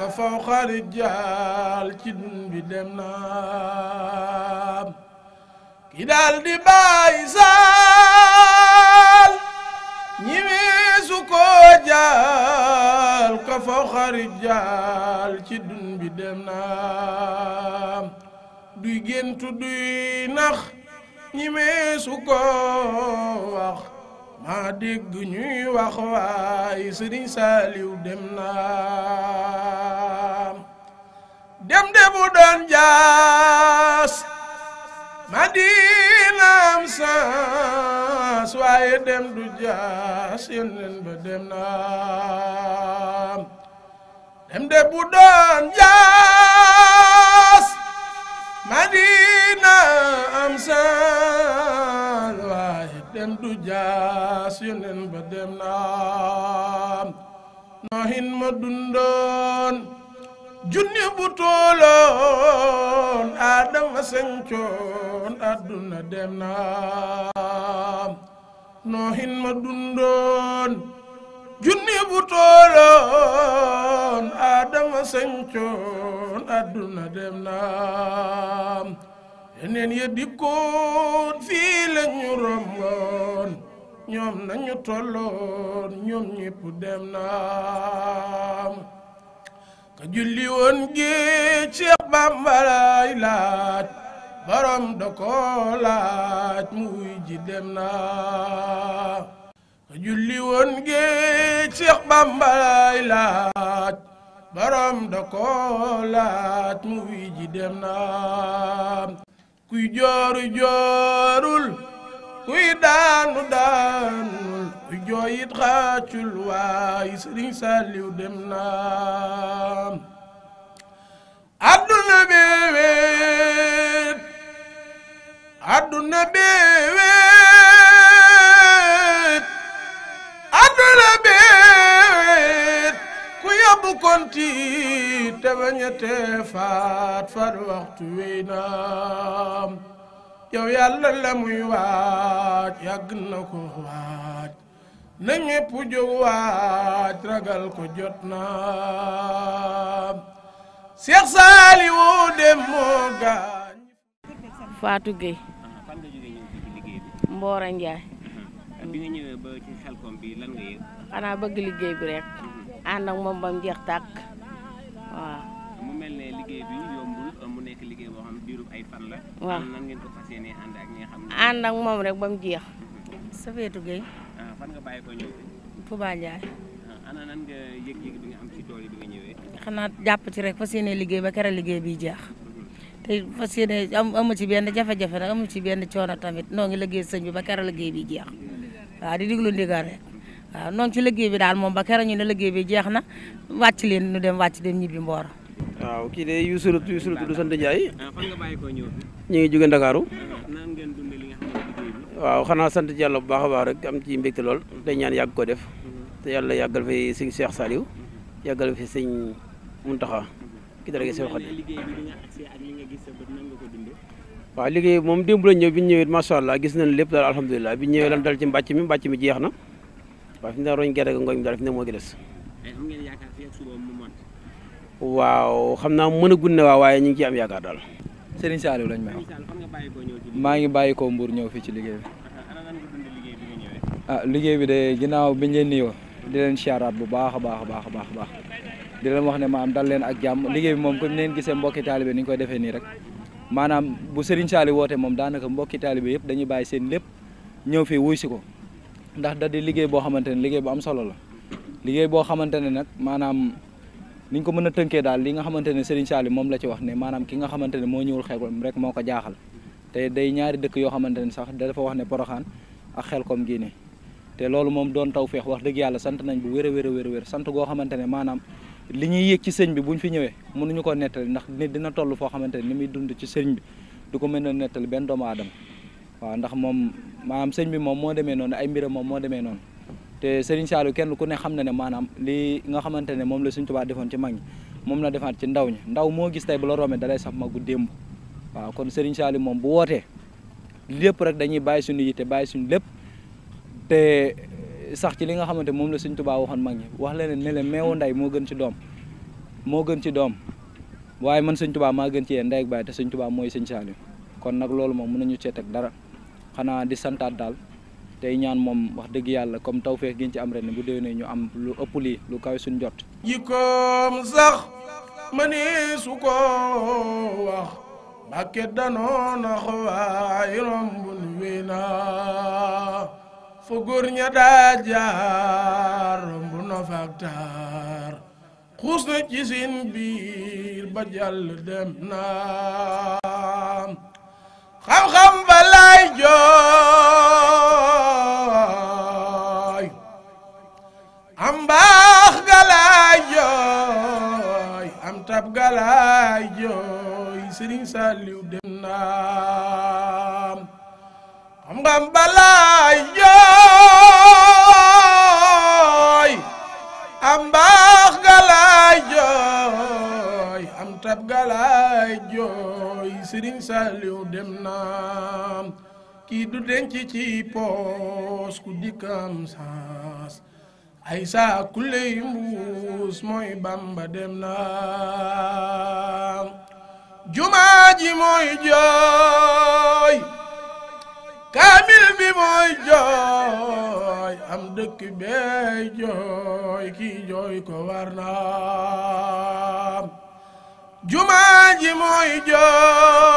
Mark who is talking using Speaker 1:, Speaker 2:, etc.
Speaker 1: te faw xarit jaal ci dun bi dem naam ki daal di bàyyi saal ñi jaal ka faw xarit jaal ci dun bi dem naam duy géntu duy nax ñi weesu wax maa dégg ñuy wax waay sëriñ saaliw dem naam dem de bu doon jaas madinaam saas waaye dem du jaas yeneen ba dem naam dem de bu doon jaas madinaam saas waaye dem du jaas yonen ba dem naa dundoon junni bu tooloon sencoon adduna dem naa nohin dundoon junni bu tooloon sencoon adduna dem naa yeneen ya dikkoon fii la ñoom nañu tolloon ñoom ñépp dem naam ka julli gi Cheikh Bamba lay laaj borom da ko laaj mu wuy dem naa ka julli gi Cheikh Bamba lay laaj borom da ko laaj mu wuy ji dem naa kuy jooru joorul kuy daanu daanul jooyit xaacul waay sëriñ Saliw dem na adduna beewet adduna beewet ku yóbbu konti te bañ a faat far waxtu wey naam yow yàlla la muy waaj yàgg na ko waaj na ñépp waaj ragal ko jot na Cheikh Saliou dem moo gaañ
Speaker 2: Fatou Gueye Mbora Ndiaye ñëwee ba ci xelkom bi lan nga yëg xanaa bëgg liggéey bi rek ànd ak moom ba mu jeex tàkk waaw mu mel ne liggéey bi ay fan la. waaw nan ngeen ko fas yéenee ànd ak ñi nga xam ne. ànd ak moom rek ba mu jeex. Safeetu Gueye. ah fan nga bàyyi ko ñëw. Touba Ndiaye. Ah, ana nan nga yëg-yëg bi nga am ci tool yi bi nga ñëwee. xanaa jàpp ci rek fas yéenee liggéey ba keroog liggéey bi jeex. te fas yéene am amu ci benn jafe-jafe nag amu ci benn coono tamit noo ngi liggéey sëñ bi ba keroog liggéey bi jeex waaw di diglu ndigal rek waaw noo ngi ci liggéey bi daal moom ba keroog ñu ne liggéey bi jeex na wàcc leen ñu dem wàcc dem ñibbi mboor waaw kii de Youssou la Youssou la tudd sant Ndiaye. Ah, fan nga bàyyi ñu ngi jóge Ndakaaru. nan ngeen dundee waaw xanaa sant yàlla bu baax a baax rek am ci mbégte lool. te ñaan yàgg ko def. te yàlla yàggal fi sëñ Cheikh Saliou. yàggal fi sëñ Mountakha.
Speaker 1: ki dara gi seen xarit
Speaker 2: liggéey bi nga nga gis sa bët nan nga ko dundee. moom démb la ñëw bi ñëwee macha allah gis nañ lépp daal alhamdulilah bi ñu ñëwee lan dal ci mbàcc mi mbàcc mi jeex na waaw fi mu ne roñ gerte gi ngooñ mi daal fi ne moo gi des eh, waaw xam naa mën a gunne waaw waaye ñu ngi ciy am yaakaar daal. Serigne Saliou lañ may wax maa ngi bàyyi ko Mbour ñëw fii ci liggéey bi. Ah, bi de ginnaaw biñ leen nuyoo di leen siyaaraat bu baax a baax a baax a baax di leen wax ne maam dal leen ak jàmm liggéey bi moom comme ni leen gisee mbokki taalibe ni ñu koy defe nii rek maanaam bu sëriñ Saliou woote moom daanaka mbokki taalibe yëpp dañuy bàyyi seen lépp ñëw fii wuy si ko ndax da di liggéey boo xamante ne liggéey bu am solo la boo xamante niñ ko mën a tënkee daal li nga xamante ne Serigne Saliou moom la ci wax ne maanaam ki nga xamante ne moo ñëwul xelkom rek moo ko jaaxal te day ñaari dëkk yoo xamante ne sax dafa wax ne Poroxaan ak xelkom gii ne te loolu moom doon taw feex wax dëgg yàlla sant nañ bu wér a wér a wér wér sant goo xamante ne maanaam li ñuy yëg ci sëñ bi buñ fi ñëwee mënuñu ko nettali ndax nit dina toll foo xamante ne ni muy dund ci sëñ bi du ko mën a nettali benn doomu aadama waaw ndax moom maanaam sëñ bi moom moo demee noonu ay mbiram moo demee noonu te Serigne Saliou kenn ku ne xam na ne maanaam li nga xamante ne moom la Serigne Touba defoon ci mag ñi moom la defaat ci ndaw ñi ndaw moo gis tey bu la romee dalay sax magu waaw kon Serigne Saliou moom bu wootee lépp rek dañuy bàyyi suñu yitte bàyyi suñu lépp sax ci li nga xamante moom la Serigne Touba waxoon mag ñi wax leneen ne leen meewu ndey moo gën ci doom moo gën ci doom waaye man Serigne Touba maa gën ci yéen ndey ak baay te sëñ Touba mooy Serigne Saliou kon nag loolu moom mën nañu cee teg dara xanaa di santaat daal tey ñaan moom wax dëgg yàlla comme tawféex gi ñu ci am ren bu déwénee ñu am lu ëpp lii lu kawe suñ jot jikkoom sax mani su ko wax mbàkke danoon
Speaker 1: xawaay rombul wi na fu ña daa romb na faktaar xuus na ci seen biir ba jàll dem na xam-xam ba lay jox sëriñ Saliou dem naam am baax galaay jooy am tab galaay jooy sëriñ Saliou dem naam kii du denc ci poos ku dikkam saas ay saa kuley mbuus mooy Bamba dem naam ji kaamil bi mooy jooy am dëkk beey jooy kii jooy ko war naam jumaa ji mooy jooy